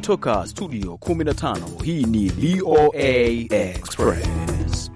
Kutoka studio 15 hii ni VOA Express.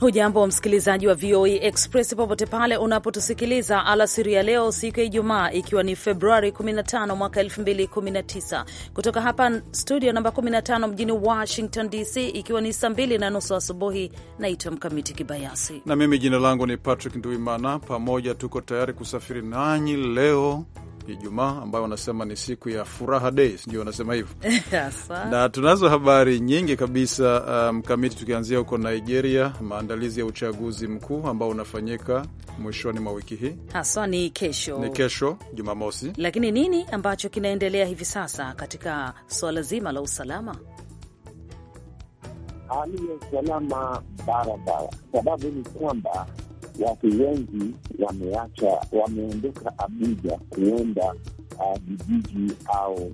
Hujambo msikilizaji wa VOA Express popote pale unapotusikiliza alasiri ya leo, siku ya Ijumaa, ikiwa ni Februari 15 mwaka 2019, kutoka hapa studio namba 15 mjini Washington DC, ikiwa ni saa mbili na nusu asubuhi. Naitwa Mkamiti Kibayasi na mimi jina langu ni Patrick Nduimana. Pamoja tuko tayari kusafiri nanyi leo Ijumaa ambayo wanasema ni siku ya furaha day, ndio wanasema hivyo na tunazo habari nyingi kabisa uh, mkamiti, um, tukianzia huko Nigeria, maandalizi ya uchaguzi mkuu ambao unafanyika mwishoni mwa wiki hii haswa ni kesho, ni kesho Jumamosi. Lakini nini ambacho kinaendelea hivi sasa katika suala zima la usalama? Hali ya usalama barabara, sababu ni kwamba watu wengi wameacha, wameondoka Abuja kuenda ah, vijiji uh, au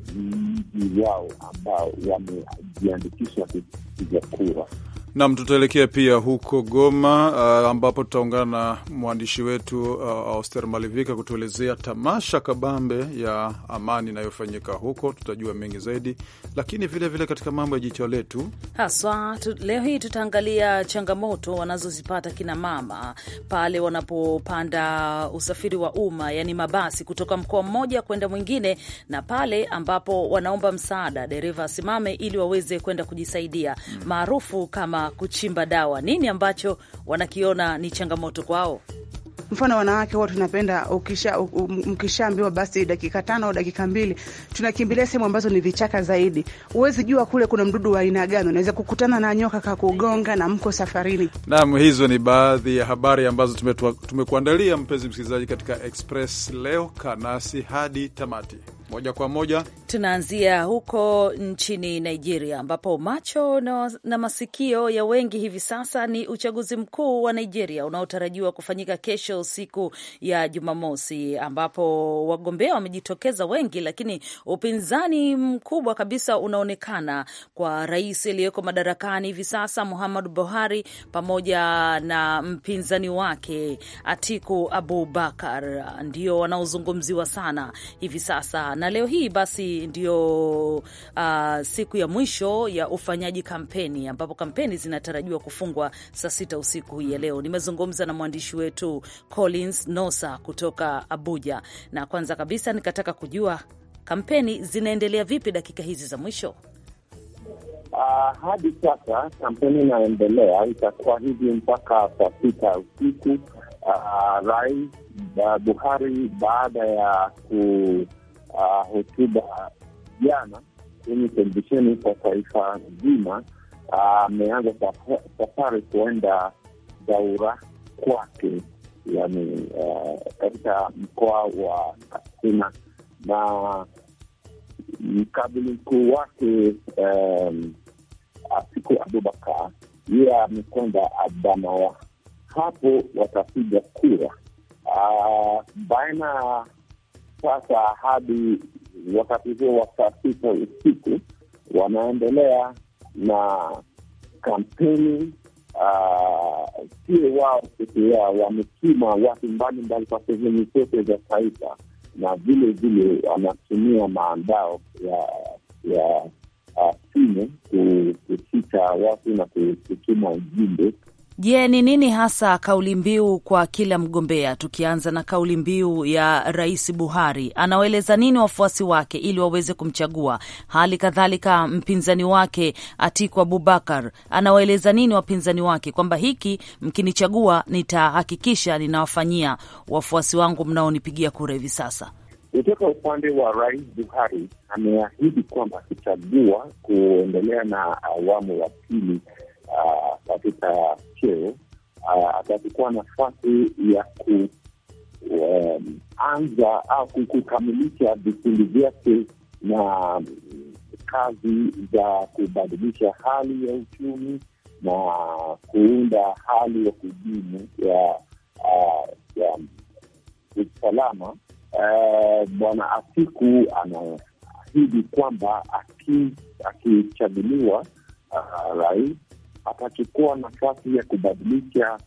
miji wao ambao wamejiandikisha kupiga kura. Nam, tutaelekea pia huko Goma uh, ambapo tutaungana na mwandishi wetu uh, Auster Malivika kutuelezea tamasha kabambe ya amani inayofanyika huko. Tutajua mengi zaidi, lakini vilevile vile katika mambo ya jicho letu haswa tu, leo hii tutaangalia changamoto wanazozipata kina mama pale wanapopanda usafiri wa umma, yani mabasi kutoka mkoa mmoja kwenda mwingine, na pale ambapo wanaomba msaada dereva asimame ili waweze kwenda kujisaidia mm. maarufu kama kuchimba dawa? Nini ambacho wanakiona ni changamoto kwao? Mfano, wanawake huwa tunapenda ukisha, mkishaambiwa basi dakika tano au dakika mbili, tunakimbilia sehemu ambazo ni vichaka zaidi. Huwezi jua kule kuna mdudu wa aina gani, unaweza kukutana na nyoka kakugonga na mko safarini. Naam, hizo ni baadhi ya habari ambazo tumekuandalia, mpenzi msikilizaji, katika Express leo. Kanasi hadi tamati moja kwa moja tunaanzia huko nchini Nigeria, ambapo macho na, na masikio ya wengi hivi sasa ni uchaguzi mkuu wa Nigeria unaotarajiwa kufanyika kesho siku ya Jumamosi, ambapo wagombea wamejitokeza wengi, lakini upinzani mkubwa kabisa unaonekana kwa rais aliyeko madarakani hivi sasa Muhammadu Buhari pamoja na mpinzani wake Atiku Abubakar, ndio wanaozungumziwa sana hivi sasa na leo hii basi ndio uh, siku ya mwisho ya ufanyaji kampeni ambapo kampeni zinatarajiwa kufungwa saa sita usiku hii ya leo. Nimezungumza na mwandishi wetu Collins Nosa kutoka Abuja, na kwanza kabisa nikataka kujua kampeni zinaendelea vipi dakika hizi za mwisho. Uh, hadi sasa kampeni inaendelea, itakuwa hivi mpaka saa sita usiku. Uh, Rais uh, Buhari baada ya ku Uh, hotuba jana kwenye televisheni kwa taifa nzima. Uh, ameanza safari kuenda daura kwake, yani uh, katika mkoa wa Katsina, na mkabili mkuu wake um, asiku Abubakar yeye amekwenda Adamawa. Hapo watapiga kura baina sasa hadi wakati huo wa saa sita usiku wanaendelea na kampeni ah, sio wao peke yao, wametuma watu mbalimbali kwa sehemu zote za taifa, na vile vile wanatumia maandao ya ya ah, simu kushika watu na kutuma ujumbe Je, ni nini hasa kauli mbiu kwa kila mgombea? Tukianza na kauli mbiu ya Rais Buhari, anawaeleza nini wafuasi wake ili waweze kumchagua? Hali kadhalika mpinzani wake Atiku Abubakar anawaeleza nini wapinzani wake kwamba hiki mkinichagua, nitahakikisha ninawafanyia wafuasi wangu mnaonipigia kura hivi sasa. Kutoka upande wa Rais Buhari ameahidi kwamba akichagua kuendelea na awamu ya pili Uh, katika cheo uh, atakuwa nafasi ya kuanza um, au kukamilisha vikundi vyake na um, kazi za kubadilisha hali ya uchumi na kuunda hali ya kudumu ya uh, ya usalama. Bwana Atiku anaahidi kwamba akichaguliwa rais atachukua nafasi ya kubadilisha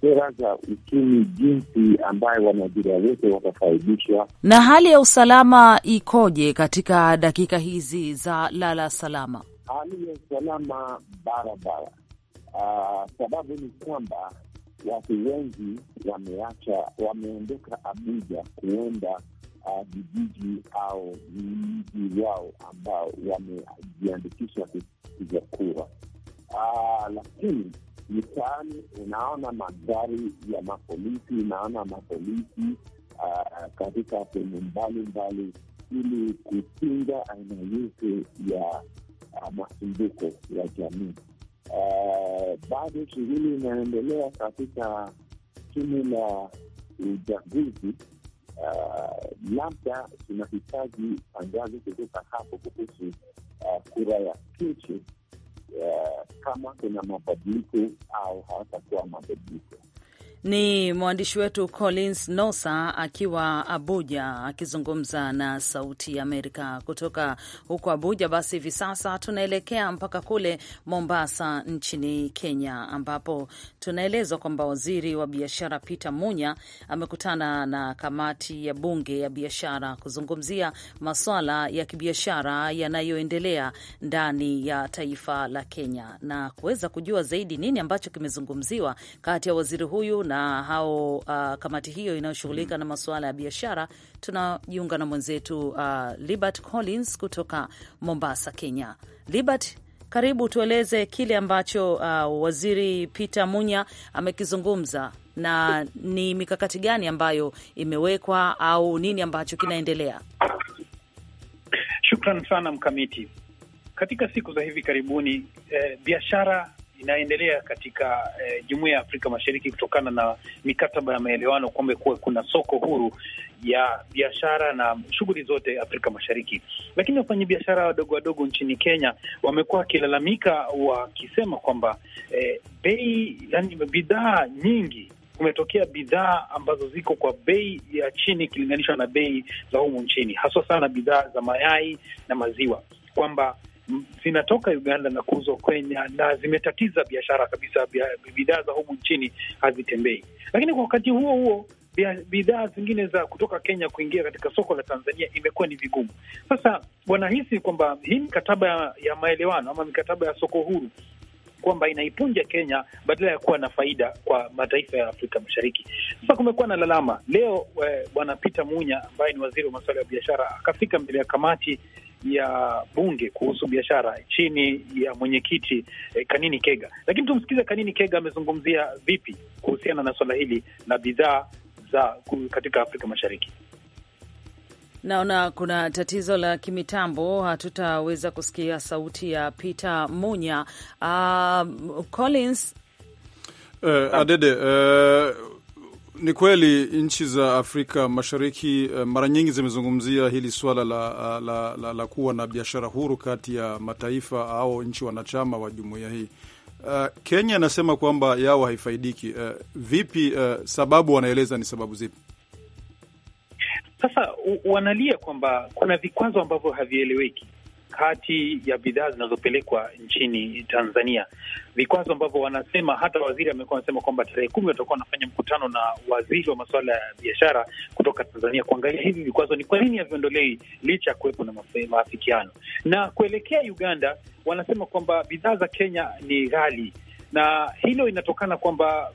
sera za uchumi, jinsi ambayo Wanigeria wote watafaidishwa. Na hali ya usalama ikoje katika dakika hizi za lala salama? Hali ya usalama barabara. Uh, ah, sababu ni kwamba watu wengi wameacha, wameondoka Abuja kuenda ah, vijiji uh, au miji wao ambao wamejiandikisha kupiga kura. Ah, lakini mitaani unaona magari ya mapolisi, unaona mapolisi ah, katika sehemu mbalimbali, ili kupinga aina yote ya ah, masumbuko ya jamii. Bado shughuli inaendelea katika tume la uchaguzi. Labda tunahitaji tangazo kutoka hapo kuhusu kura ya kesho Eh, kama kuna mabadiliko au hawatakuwa mabadiliko ni mwandishi wetu Collins Nosa akiwa Abuja akizungumza na Sauti ya Amerika kutoka huko Abuja. Basi hivi sasa tunaelekea mpaka kule Mombasa nchini Kenya, ambapo tunaelezwa kwamba waziri wa biashara Peter Munya amekutana na kamati ya bunge ya biashara kuzungumzia maswala ya kibiashara yanayoendelea ndani ya taifa la Kenya na kuweza kujua zaidi nini ambacho kimezungumziwa kati ya waziri huyu na na hao uh, kamati hiyo inayoshughulika na masuala ya biashara. Tunajiunga na mwenzetu uh, Libert Collins kutoka Mombasa, Kenya. Libert, karibu tueleze kile ambacho uh, waziri Peter Munya amekizungumza na ni mikakati gani ambayo imewekwa au nini ambacho kinaendelea? Shukran sana Mkamiti. Katika siku za hivi karibuni, eh, biashara inaendelea katika eh, Jumuiya ya Afrika Mashariki kutokana na mikataba ya maelewano kwamba kuwa kuna soko huru ya biashara na shughuli zote Afrika Mashariki. Lakini wafanyabiashara wadogo wadogo nchini Kenya wamekuwa wakilalamika wakisema kwamba eh, bei, yani bidhaa nyingi kumetokea bidhaa ambazo ziko kwa bei ya chini ikilinganishwa na bei za humu nchini, haswa sana bidhaa za mayai na maziwa kwamba zinatoka Uganda na kuuzwa Kenya na zimetatiza biashara kabisa. Bidhaa za humu nchini hazitembei, lakini kwa wakati huo huo bidhaa zingine za kutoka Kenya kuingia katika soko la Tanzania imekuwa ni vigumu. Sasa wanahisi kwamba hii mikataba ya, ya maelewano ama mikataba ya soko huru kwamba inaipunja Kenya badala ya kuwa na faida kwa mataifa ya Afrika Mashariki. Sasa kumekuwa na lalama leo. Eh, Bwana Peter Munya ambaye ni waziri wa masuala ya biashara akafika mbele ya kamati ya bunge kuhusu biashara chini ya mwenyekiti eh, Kanini Kega. Lakini tumsikize Kanini Kega amezungumzia vipi kuhusiana na swala hili la bidhaa za katika Afrika Mashariki. Naona kuna tatizo la kimitambo, hatutaweza kusikia sauti ya Peter Munya. Uh, Collins Uh, Adede, uh, ni kweli nchi za Afrika Mashariki eh, mara nyingi zimezungumzia hili suala la, ah, la, la, la, kuwa na biashara huru kati ya mataifa au nchi wanachama wa jumuiya hii. Uh, Kenya anasema kwamba yao haifaidiki. Uh, vipi? Uh, sababu wanaeleza ni sababu zipi? Sasa wanalia kwamba kuna vikwazo ambavyo havieleweki kati ya bidhaa zinazopelekwa nchini Tanzania, vikwazo ambavyo wanasema, hata waziri amekuwa anasema kwamba tarehe kumi watakuwa wanafanya mkutano na waziri wa masuala ya biashara kutoka Tanzania kuangalia hivi vikwazo ni kwa nini haviondolei licha ya kuwepo na maafikiano. Na kuelekea Uganda, wanasema kwamba bidhaa za Kenya ni ghali na hilo inatokana kwamba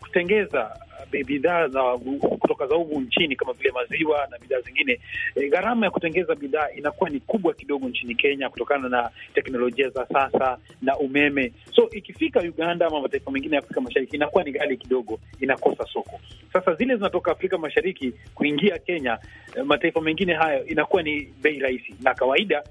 kutengeza bidhaa za kutoka za huku nchini kama vile maziwa na bidhaa zingine, e, gharama ya kutengeza bidhaa inakuwa ni kubwa kidogo nchini Kenya kutokana na teknolojia za sasa na umeme. So ikifika Uganda ama mataifa mengine ya Afrika Mashariki inakuwa ni ghali kidogo, inakosa soko. Sasa zile zinatoka Afrika Mashariki kuingia Kenya, e, mataifa mengine hayo, inakuwa ni bei rahisi, na kawaida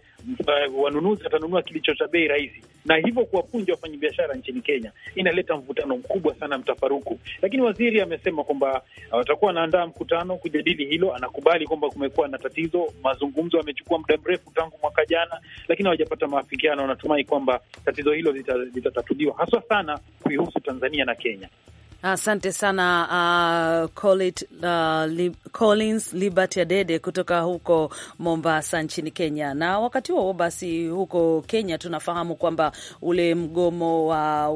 e, wanunuzi watanunua kilicho cha bei rahisi na hivyo kuwapunja wafanyabiashara nchini Kenya. Inaleta mvutano mkubwa sana, mtafaruku. Lakini waziri amesema kwamba watakuwa wanaandaa mkutano kujadili hilo. Anakubali kwamba kumekuwa na tatizo, mazungumzo yamechukua muda mrefu tangu mwaka jana, lakini hawajapata maafikiano. Wanatumai kwamba tatizo hilo litatatuliwa, haswa sana kuihusu Tanzania na Kenya. Asante sana uh, Colit, uh, li, Collins Liberty Adede kutoka huko Mombasa nchini Kenya. Na wakati huo basi, huko Kenya tunafahamu kwamba ule mgomo wa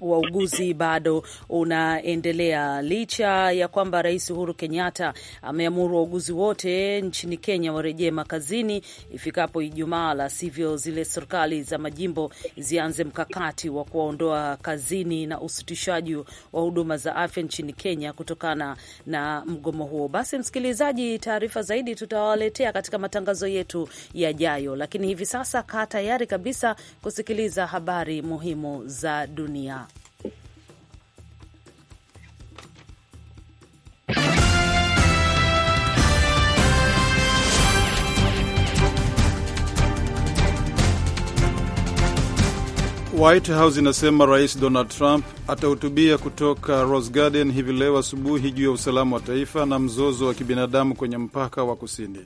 wauguzi bado unaendelea licha ya kwamba Rais Uhuru Kenyatta ameamuru wauguzi wote nchini Kenya warejee makazini ifikapo Ijumaa, la sivyo zile serikali za majimbo zianze mkakati wa kuwaondoa kazini na usitishaji wa huduma za afya nchini Kenya kutokana na mgomo huo. Basi msikilizaji, taarifa zaidi tutawaletea katika matangazo yetu yajayo, lakini hivi sasa kaa tayari kabisa kusikiliza habari muhimu za dunia. White House inasema Rais Donald Trump atahutubia kutoka Rose Garden hivi leo asubuhi juu ya usalama wa taifa na mzozo wa kibinadamu kwenye mpaka wa kusini.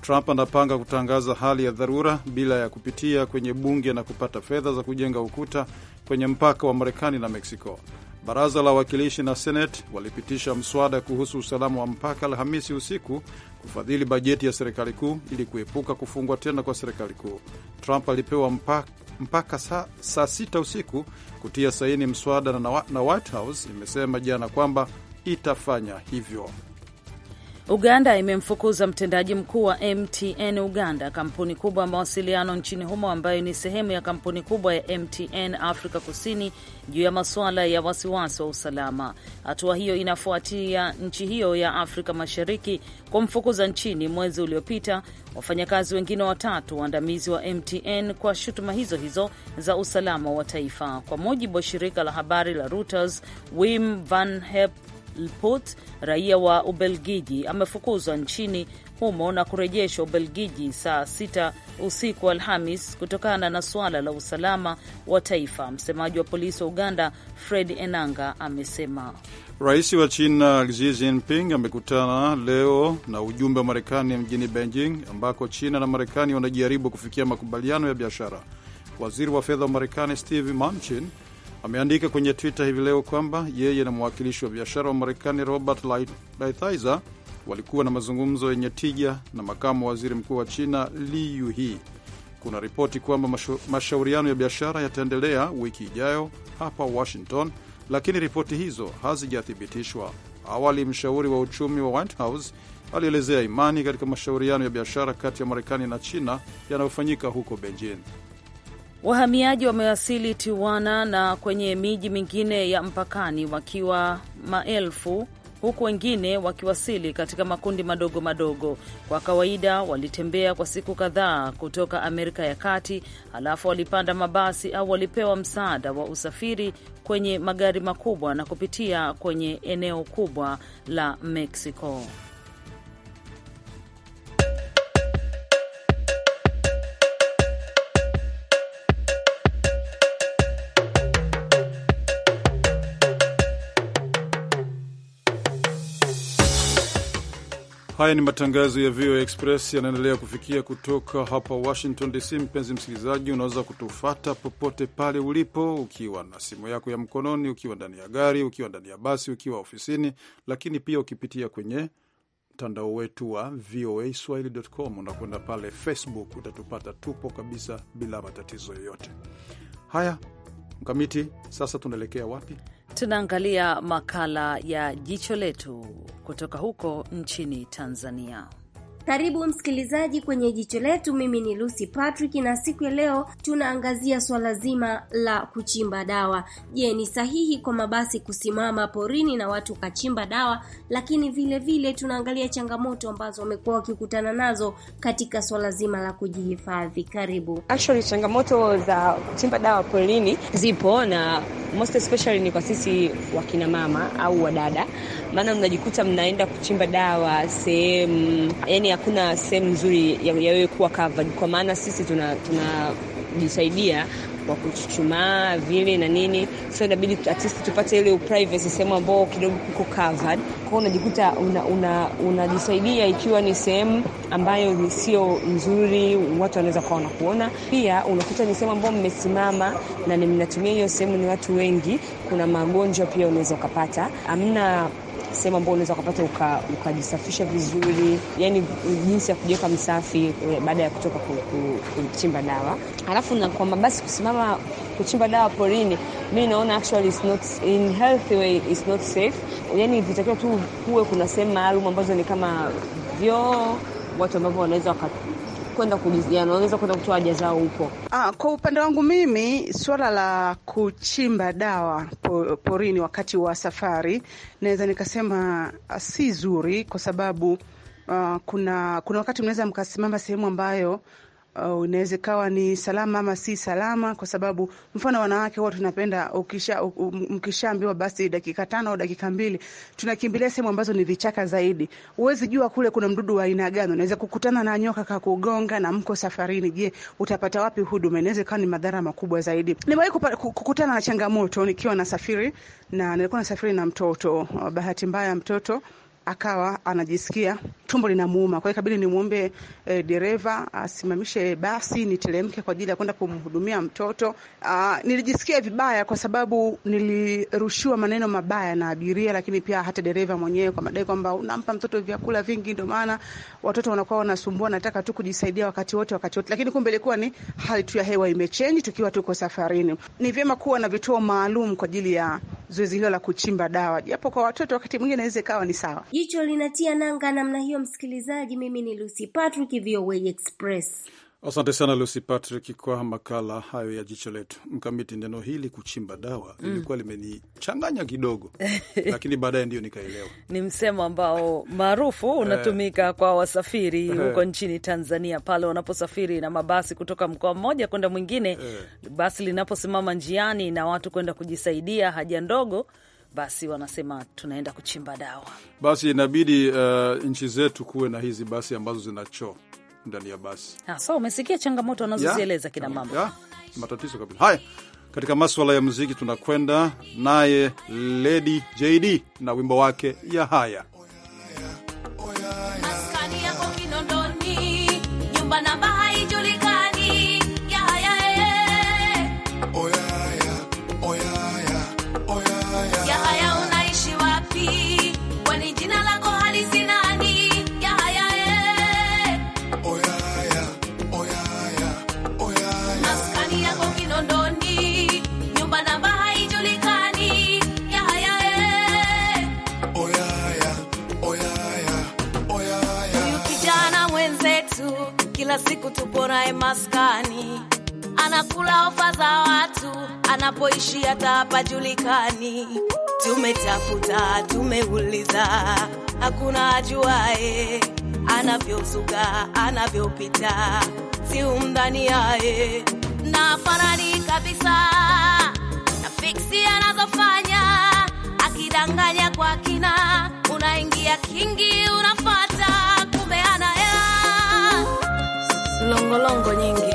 Trump anapanga kutangaza hali ya dharura bila ya kupitia kwenye bunge na kupata fedha za kujenga ukuta kwenye mpaka wa Marekani na Meksiko. Baraza la Wawakilishi na senate walipitisha mswada kuhusu usalama wa mpaka Alhamisi usiku kufadhili bajeti ya serikali kuu ili kuepuka kufungwa tena kwa serikali kuu. Trump alipewa mpaka, mpaka saa sa sita usiku kutia saini mswada na, na White House imesema jana kwamba itafanya hivyo. Uganda imemfukuza mtendaji mkuu wa MTN Uganda, kampuni kubwa ya mawasiliano nchini humo ambayo ni sehemu ya kampuni kubwa ya MTN Afrika Kusini, juu ya masuala ya wasiwasi wa usalama. Hatua hiyo inafuatia nchi hiyo ya Afrika Mashariki kumfukuza nchini mwezi uliopita wafanyakazi wengine watatu waandamizi wa MTN kwa shutuma hizo hizo za usalama wa taifa, kwa mujibu wa shirika la habari la Reuters. Wim Van Hep Lput, raia wa Ubelgiji, amefukuzwa nchini humo na kurejeshwa Ubelgiji saa sita usiku Alhamis kutokana na suala la usalama wa taifa. Msemaji wa polisi wa Uganda Fred Enanga amesema rais wa China Xi Jinping amekutana leo na ujumbe wa Marekani mjini Beijing, ambako China na Marekani wanajaribu kufikia makubaliano ya biashara. Waziri wa fedha wa Marekani Steve Mnuchin ameandika kwenye Twitter hivi leo kwamba yeye na mwakilishi wa biashara wa Marekani Robert Lighthizer walikuwa na mazungumzo yenye tija na makamu wa waziri mkuu wa China Li Yuhi. Kuna ripoti kwamba mashauriano ya biashara yataendelea wiki ijayo hapa Washington, lakini ripoti hizo hazijathibitishwa. Awali mshauri wa uchumi wa White House alielezea imani katika mashauriano ya biashara kati ya Marekani na China yanayofanyika huko Beijing. Wahamiaji wamewasili Tijuana na kwenye miji mingine ya mpakani wakiwa maelfu huku wengine wakiwasili katika makundi madogo madogo. Kwa kawaida walitembea kwa siku kadhaa kutoka Amerika ya Kati, halafu walipanda mabasi au walipewa msaada wa usafiri kwenye magari makubwa na kupitia kwenye eneo kubwa la Meksiko. Haya ni matangazo ya VOA Express yanaendelea kufikia kutoka hapa Washington DC. Mpenzi msikilizaji, unaweza kutufata popote pale ulipo, ukiwa na simu yako ya mkononi, ukiwa ndani ya gari, ukiwa ndani ya basi, ukiwa ofisini, lakini pia ukipitia kwenye mtandao wetu wa VOA Swahili.com. Unakwenda pale Facebook, utatupata tupo kabisa bila matatizo yoyote. Haya Mkamiti, sasa tunaelekea wapi? tunaangalia makala ya jicho letu kutoka huko nchini Tanzania. Karibu msikilizaji kwenye jicho letu. Mimi ni Lucy Patrick na siku ya leo tunaangazia swala zima la kuchimba dawa. Je, ni sahihi kwa mabasi kusimama porini na watu kachimba dawa? Lakini vile vile tunaangalia changamoto ambazo wamekuwa wakikutana nazo katika swala zima la kujihifadhi. Karibu. Actually, changamoto za kuchimba dawa porini zipo na most especially ni kwa sisi wakina mama au wadada maana mnajikuta mnaenda kuchimba dawa sehemu, yani hakuna sehemu nzuri ya wewe kuwa covered, kwa maana sisi tunajisaidia tuna kwa kuchuchumaa vile na nini, so inabidi at least tupate ile privacy sehemu ambao kidogo kuko covered. Kwao unajikuta unajisaidia una, una ikiwa ni sehemu ambayo sio nzuri, watu wanaweza kuwa wanakuona. Pia unakuta ni sehemu ambao mmesimama na mnatumia hiyo sehemu, ni watu wengi, kuna magonjwa pia unaweza ukapata, amna sehemu ambayo unaweza ukapata ukajisafisha uka vizuri, yani jinsi ya kujiweka msafi eh, baada ya kutoka kuchimba dawa. alafu na kwa mabasi kusimama kuchimba dawa porini, mi naona actually it's not in healthy way, it's not safe. Yani vitakiwa tu kuwe kuna sehemu maalum ambazo ni kama vyoo, watu ambavyo wanaweza kwenda kujiziana, wanaweza kwenda kutoa haja zao huko. Ah, kwa upande wangu mimi suala la kuchimba dawa porini wakati wa safari naweza nikasema ah, si zuri kwa sababu uh, kuna, kuna wakati mnaweza mkasimama sehemu ambayo uh, inaweza kawa ni salama ama si salama, kwa sababu mfano wanawake huwa tunapenda ukisha mkishaambiwa basi dakika tano au dakika mbili, tunakimbilia sehemu ambazo ni vichaka zaidi. Huwezi jua kule kuna mdudu wa aina gani, unaweza kukutana na nyoka kakugonga na mko safarini. Je, utapata wapi huduma? Inaweza kawa ni madhara makubwa zaidi. Nimewahi kukutana na changamoto nikiwa nasafiri na nilikuwa nasafiri na mtoto, uh, bahati mbaya mtoto akawa anajisikia tumbo linamuuma, kwa hiyo ikabidi nimwombe e, dereva asimamishe basi niteremke kwa ajili ya kwenda kumhudumia mtoto. A, ah, nilijisikia vibaya kwa sababu nilirushiwa maneno mabaya na abiria, lakini pia hata dereva mwenyewe kwa madai kwamba unampa mtoto vyakula vingi, ndio maana watoto wanakuwa wanasumbua, nataka tu kujisaidia wakati wote wakati wote, lakini kumbe ilikuwa ni hali tu ya hewa imechenji tukiwa tuko safarini. Ni vyema kuwa na vituo maalum kwa ajili ya zoezi hilo la kuchimba dawa, japo kwa watoto wakati mwingine inaweza ikawa ni sawa. Jicho linatia nanga namna hiyo, msikilizaji. Mimi ni Lucy Patrick, VOA Express. Asante sana Lucy Patrick kwa makala hayo ya jicho letu. Mkamiti, neno hili kuchimba dawa lilikuwa mm, limenichanganya kidogo lakini baadaye ndio nikaelewa. Ni msemo ambao maarufu unatumika eh. kwa wasafiri eh. huko nchini Tanzania, pale wanaposafiri na mabasi kutoka mkoa mmoja kwenda mwingine, eh. basi linaposimama njiani na watu kwenda kujisaidia haja ndogo basi wanasema tunaenda kuchimba dawa, basi inabidi uh, nchi zetu kuwe na hizi basi ambazo zina choo ndani ya basi. So umesikia changamoto wanazozieleza kina mama, matatizo kabisa haya. Katika maswala ya muziki, tunakwenda naye Lady JD na wimbo wake ya haya siku naye maskani, anakula ofa za watu, anapoishi hata hapajulikani. Tumetafuta, tumeuliza, hakuna ajuae anavyozuka, anavyopita, si yaye na farani kabisa na fiksi anazofanya, akidanganya kwa kina, unaingia kingi, unafata Longo longo nyingi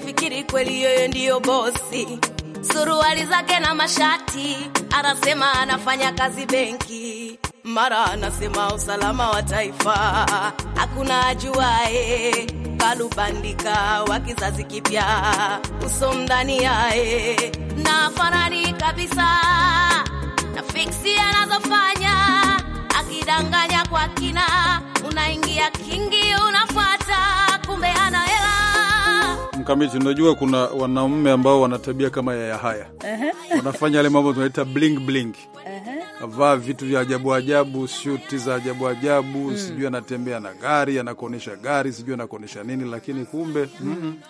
nafikiri kweli yeye ndiyo bosi, suruali zake na mashati, anasema anafanya kazi benki, mara anasema usalama wa taifa, hakuna ajuae kalubandika wa kizazi kipya yaye na farani kabisa na fiksi anazofanya akidanganya kwa kina, unaingia kingi Mkamiti, unajua kuna wanaume ambao wanatabia kama ya haya wanafanya yale mambo tunaita bling bling, avaa vitu vya ajabu ajabu, shuti za ajabu ajabu, hmm. sijui anatembea na gari, anakuonyesha gari, sijui anakuonyesha nini, lakini kumbe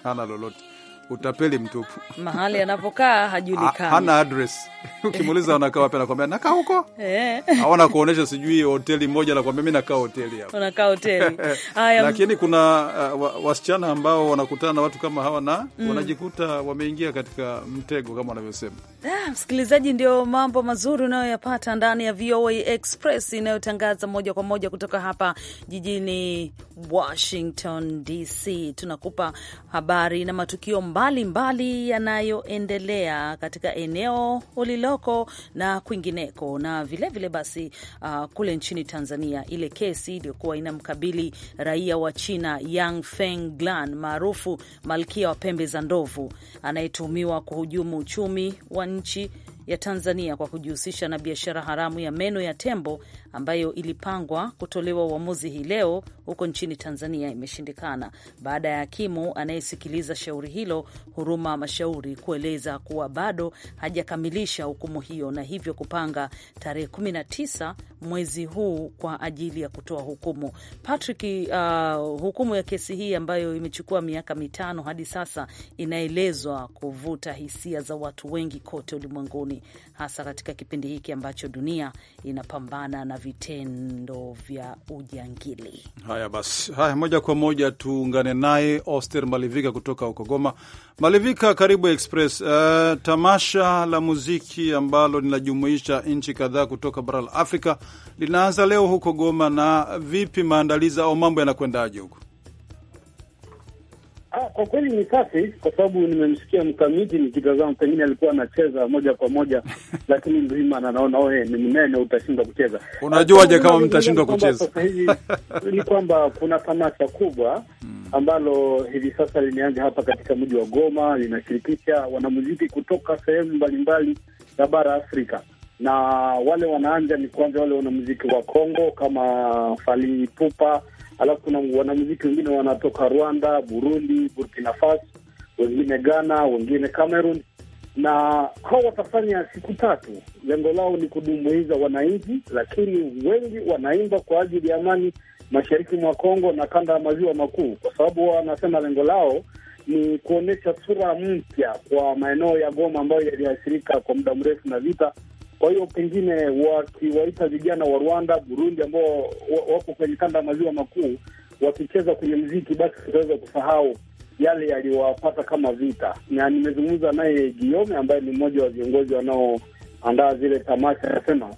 hana lolote utapeli mtupu. Mahali anapokaa hajulikani, hana address. Ukimuuliza anakaa wapi, anakwambia nakaa huko eh, au anakuonyesha sijui hoteli moja, anakwambia mimi nakaa hoteli hapo, unakaa hoteli haya. Lakini kuna uh, wasichana ambao wanakutana na watu kama hawa na mm, wanajikuta wameingia katika mtego kama wanavyosema. Ah, msikilizaji, ndio mambo mazuri unayoyapata ndani ya VOA Express inayotangaza moja kwa moja kutoka hapa jijini Washington DC. Tunakupa habari na matukio mba mbalimbali yanayoendelea katika eneo uliloko na kwingineko, na vilevile vile basi uh, kule nchini Tanzania ile kesi iliyokuwa inamkabili raia wa China Yang Fenglan maarufu malkia wa pembe za ndovu anayetuhumiwa kuhujumu uchumi wa nchi ya Tanzania kwa kujihusisha na biashara haramu ya meno ya tembo ambayo ilipangwa kutolewa uamuzi hii leo huko nchini Tanzania imeshindikana baada ya hakimu anayesikiliza shauri hilo Huruma Mashauri kueleza kuwa bado hajakamilisha hukumu hiyo na hivyo kupanga tarehe 19 mwezi huu kwa ajili ya kutoa hukumu. Patrick, uh, hukumu ya kesi hii ambayo imechukua miaka mitano hadi sasa inaelezwa kuvuta hisia za watu wengi kote ulimwenguni, hasa katika kipindi hiki ambacho dunia inapambana na vitendo vya ujangili. Haya basi, haya moja kwa moja tuungane naye Oster Malivika kutoka huko Goma. Malivika, karibu Express. Uh, tamasha la muziki ambalo linajumuisha nchi kadhaa kutoka bara la Afrika linaanza leo huko Goma, na vipi maandalizi au mambo yanakwendaje huko? Ah, kwa kweli ni safi, kwa sababu nimemsikia mkamiti nikitazama, pengine alikuwa anacheza moja kwa moja, lakini mzima anaona oe ni mnene, utashindwa kucheza. Unajuaje kama mtashindwa kucheza? Sasa hivi ni kwamba kuna tamasha kubwa hmm. ambalo hivi sasa limeanza hapa katika mji wa Goma, linashirikisha wanamuziki kutoka sehemu mbalimbali za bara Afrika, na wale wanaanja ni kwanza wale wanamuziki wa Kongo kama Fali pupa alafu kuna wanamuziki wengine wanatoka Rwanda, Burundi, Burkina Faso, wengine Ghana, wengine Cameroon, na hao watafanya siku tatu. Lengo lao ni kudumuiza wananchi, lakini wengi wanaimba kwa ajili ya amani mashariki mwa Kongo na kanda ya maziwa makuu, kwa sababu wanasema lengo lao ni kuonyesha sura mpya kwa maeneo ya Goma ambayo yaliathirika kwa muda mrefu na vita kwa hiyo pengine wakiwaita vijana wa Rwanda, Burundi ambao wako kwenye kanda ya maziwa makuu wakicheza kwenye mziki, basi wataweza kusahau yale yaliyowapata kama vita. Na nimezungumza naye Giome ambaye ni mmoja wa viongozi wanaoandaa zile tamasha, anasema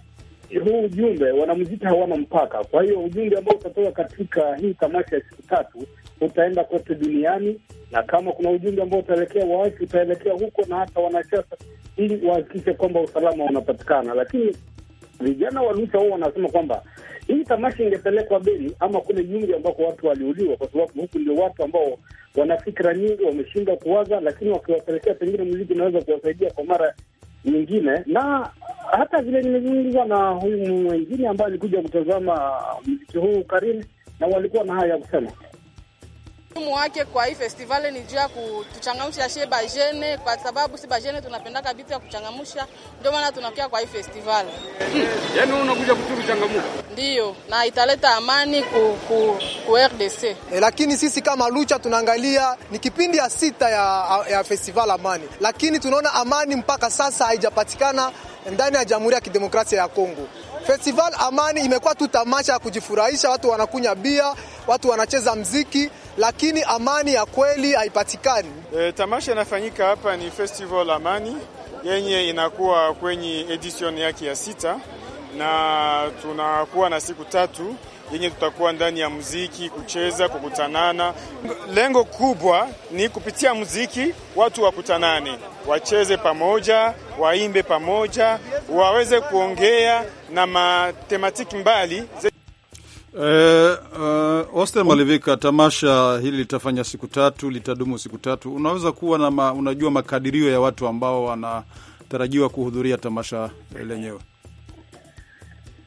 huu ujumbe, wanamziki hawana mpaka. Kwa hiyo ujumbe ambao utatoka katika hii tamasha ya siku tatu utaenda kote duniani na kama kuna ujumbe ambao utaelekea waasi utaelekea huko, na hata wanasiasa, ili wahakikishe kwamba usalama unapatikana. Lakini vijana wa Lucha huo wanasema kwamba hii tamasha ingepelekwa Beni ama kule Nyungi ambako watu waliuliwa, kwa sababu huku ndio watu ambao wana fikra nyingi, wameshinda kuwaza, lakini wakiwapelekea pengine muziki unaweza kuwasaidia kwa mara nyingine. Na hata vile nimezungumza na huyu mwengine ambaye alikuja kutazama mziki huu karini, na walikuwa na haya ya kusema. Muhimu wake kwa hii festivali ni juu ya kutuchangamsha shie bajene, kwa sababu si bajene tunapenda vitu ya kuchangamsha, ndio maana tunakuja kwa hii festivali. Yaani wewe unakuja kutuchangamsha? Ndio, na italeta amani ku, ku, ku RDC. E, eh, lakini sisi kama Lucha tunaangalia ni kipindi ya sita ya, ya festival amani, lakini tunaona amani mpaka sasa haijapatikana ndani ya Jamhuri ya Kidemokrasia ya Kongo. Festival amani imekuwa tu tamasha ya kujifurahisha, watu wanakunya bia, watu wanacheza mziki lakini amani ya kweli haipatikani. E, tamasha inafanyika hapa ni Festival Amani yenye inakuwa kwenye edition yake ya sita, na tunakuwa na siku tatu yenye tutakuwa ndani ya muziki, kucheza, kukutanana. Lengo kubwa ni kupitia muziki watu wakutanane, wacheze pamoja, waimbe pamoja, waweze kuongea na matematiki mbali. Eh, uh, Oster Malivika, tamasha hili litafanya siku tatu, litadumu siku tatu. Unaweza kuwa na ma, unajua makadirio ya watu ambao wanatarajiwa kuhudhuria tamasha lenyewe?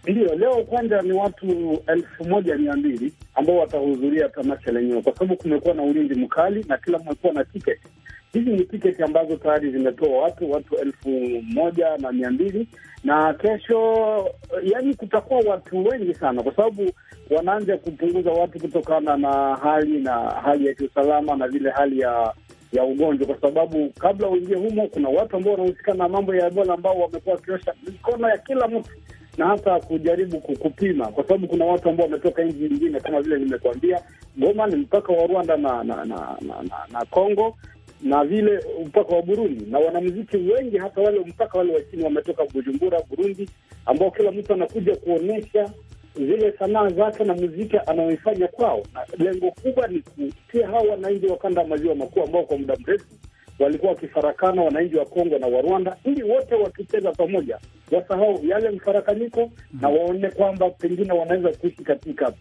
ndio leo kwanza ni watu elfu moja mia mbili ambao watahudhuria tamasha lenyewe, kwa sababu kumekuwa na ulinzi mkali na kila mmekuwa na tiketi. Hizi ni tiketi ambazo tayari zimetoa watu watu elfu moja na mia mbili na kesho, eh, yani kutakuwa watu wengi sana, kwa sababu wanaanza kupunguza watu kutokana na hali na hali ya kiusalama na vile hali ya ya ugonjwa, kwa sababu kabla uingie humo, kuna watu ambao wanahusika na mambo ya Ebola ambao wamekuwa wakiosha mikono ya kila mtu na hata kujaribu kupima, kwa sababu kuna watu ambao wametoka nchi nyingine kama vile nimekuambia, Goma ni mpaka wa Rwanda na na na, na, na Kongo na vile mpaka wa Burundi, na wanamuziki wengi hata wale mpaka wale wa chini wametoka Bujumbura, Burundi, ambao kila mtu anakuja kuonesha zile sanaa zake na muziki anaoifanya kwao. Lengo kubwa ni kutia hao wananchi wa kanda ya maziwa makuu ambao kwa muda mrefu walikuwa wakifarakana, wananchi wa Kongo na wa Rwanda, ili wote wakicheza pamoja wasahau yale mfarakanyiko mm -hmm. na waone kwamba pengine wanaweza kuishi katika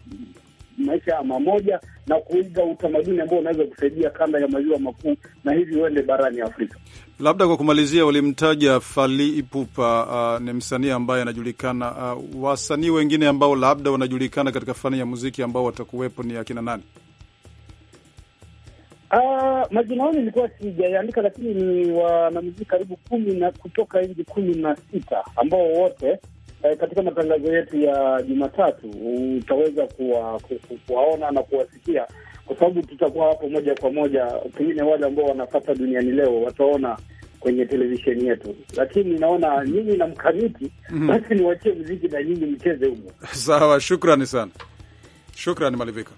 maisha ya mamoja na kuiga utamaduni ambao unaweza kusaidia kanda ya maziwa makuu na hivi uende barani Afrika. Labda kwa kumalizia, walimtaja Fali Ipupa, uh, ni msanii ambaye anajulikana. Uh, wasanii wengine ambao labda wanajulikana katika fani ya muziki ambao watakuwepo ni akina nani? Uh, majina yao nilikuwa sijaandika, lakini ni wanamuziki karibu kumi na kutoka nchi kumi na sita ambao wote eh, katika matangazo yetu ya Jumatatu utaweza kuwa, ku, ku, kuwaona na kuwasikia, kwa sababu tutakuwa hapo moja kwa moja. Pengine wale ambao wanapata duniani leo wataona kwenye televisheni yetu, lakini naona nyinyi na mkamiti mm. Basi niwachie muziki na nyinyi mcheze humo. Sawa, shukrani sana, shukrani Malivika.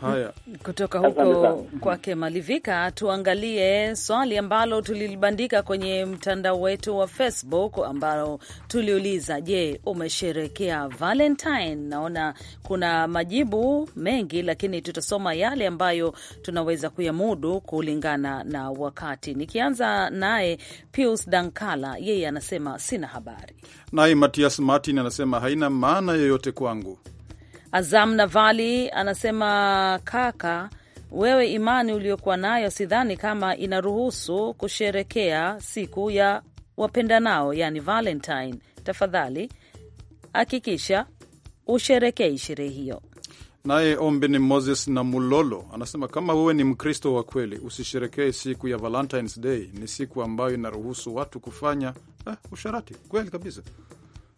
Haya, kutoka huko kwake Malivika, tuangalie swali ambalo tulilibandika kwenye mtandao wetu wa Facebook ambalo tuliuliza, je, umesherekea Valentine? Naona kuna majibu mengi, lakini tutasoma yale ambayo tunaweza kuyamudu kulingana na wakati. Nikianza naye Pius Dankala, yeye anasema sina habari, naye Matias Martin anasema haina maana yoyote kwangu. Azam Navali anasema kaka wewe imani uliokuwa nayo sidhani kama inaruhusu kusherekea siku ya wapendanao, yani Valentine. Tafadhali hakikisha usherekei sherehe hiyo. Naye ombi ni Moses na Mulolo anasema kama wewe ni Mkristo wa kweli usisherekee siku ya Valentines Day. Ni siku ambayo inaruhusu watu kufanya eh, usharati. Kweli kabisa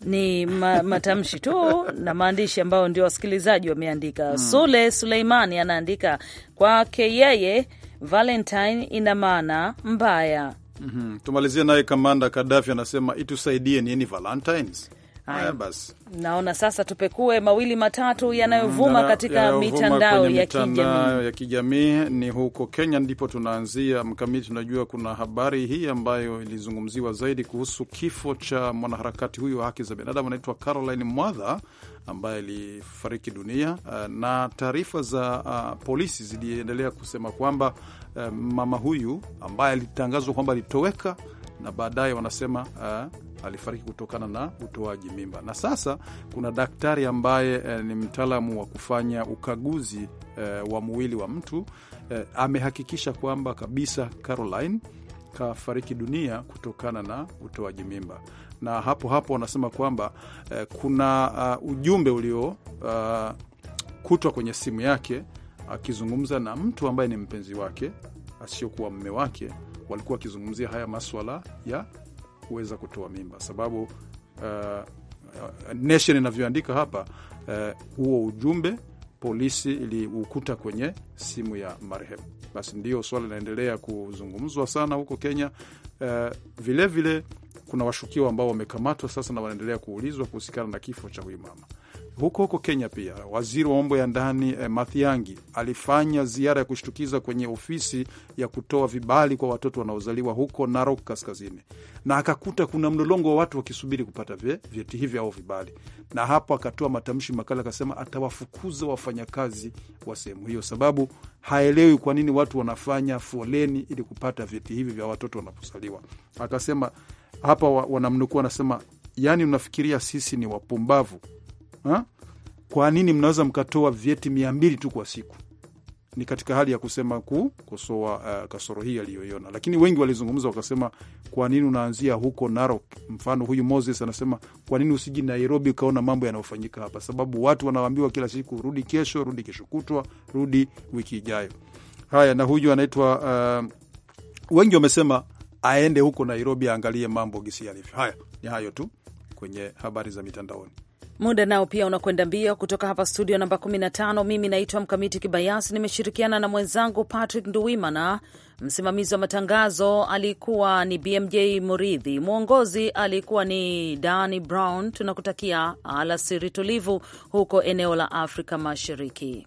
ni ma, matamshi tu na maandishi ambayo ndio wasikilizaji wameandika. Hmm. Sule Suleimani anaandika kwake yeye Valentine ina maana mbaya. Mm -hmm. Tumalizie naye Kamanda Kadafi anasema itusaidie nini Valentines Haya basi, naona sasa tupekue mawili matatu yanayovuma katika mitandao ya kijamii ya kijamii. Ni huko Kenya ndipo tunaanzia mkamiti. Tunajua kuna habari hii ambayo ilizungumziwa zaidi kuhusu kifo cha mwanaharakati huyu wa haki za binadamu anaitwa Caroline Mwadha ambaye alifariki dunia, eh, na taarifa za uh, polisi ziliendelea kusema kwamba uh, mama huyu ambaye alitangazwa kwamba alitoweka na baadaye wanasema uh, alifariki kutokana na utoaji mimba. Na sasa kuna daktari ambaye uh, ni mtaalamu wa kufanya ukaguzi uh, wa mwili wa mtu uh, amehakikisha kwamba kabisa Caroline kafariki dunia kutokana na utoaji mimba. Na hapo hapo wanasema kwamba uh, kuna uh, ujumbe uliokutwa ah, uh, kwenye simu yake akizungumza na mtu ambaye ni mpenzi wake asiyokuwa mme wake, walikuwa wakizungumzia haya maswala ya kuweza kutoa mimba, sababu uh, Nation inavyoandika hapa uh, huo ujumbe polisi iliukuta kwenye simu ya marehemu. Basi ndio swala linaendelea kuzungumzwa sana huko Kenya. Vilevile uh, vile, kuna washukiwa ambao wamekamatwa sasa na wanaendelea kuulizwa kuhusikana na kifo cha huyu mama. Huko huko Kenya pia waziri wa mambo ya ndani eh, Mathiangi alifanya ziara ya kushtukiza kwenye ofisi ya kutoa vibali kwa watoto wanaozaliwa huko Narok Kaskazini, na akakuta kuna mlolongo wa watu wakisubiri kupata vyeti hivyo au vibali, na hapo akatoa matamshi makali, akasema atawafukuza wafanyakazi wa sehemu hiyo, sababu haelewi kwa nini watu wanafanya foleni ili kupata vyeti hivi vya watoto wanapozaliwa. Akasema hapa, wanamnukuu, anasema yani, unafikiria sisi ni wapumbavu ha? Kwa nini mnaweza mkatoa vyeti mia mbili tu kwa siku? Ni katika hali ya kusema kukosoa uh, kasoro hii aliyoiona, lakini wengi walizungumza wakasema, kwa nini unaanzia huko Narok? Mfano huyu Moses anasema, kwa nini usiji Nairobi ukaona mambo yanayofanyika hapa? Sababu watu wanaambiwa kila siku, rudi kesho, rudi kesho kutwa, rudi wiki ijayo. Haya, na huyu anaitwa uh, wengi wamesema aende huko Nairobi aangalie mambo gisi yalivyo. Haya, ni hayo tu kwenye habari za mitandaoni. Muda nao pia unakwenda mbio. Kutoka hapa studio namba 15, mimi naitwa Mkamiti Kibayasi, nimeshirikiana na mwenzangu Patrick Nduwimana. Msimamizi wa matangazo alikuwa ni BMJ Muridhi, mwongozi alikuwa ni Dani Brown. Tunakutakia alasiri tulivu huko eneo la Afrika Mashariki.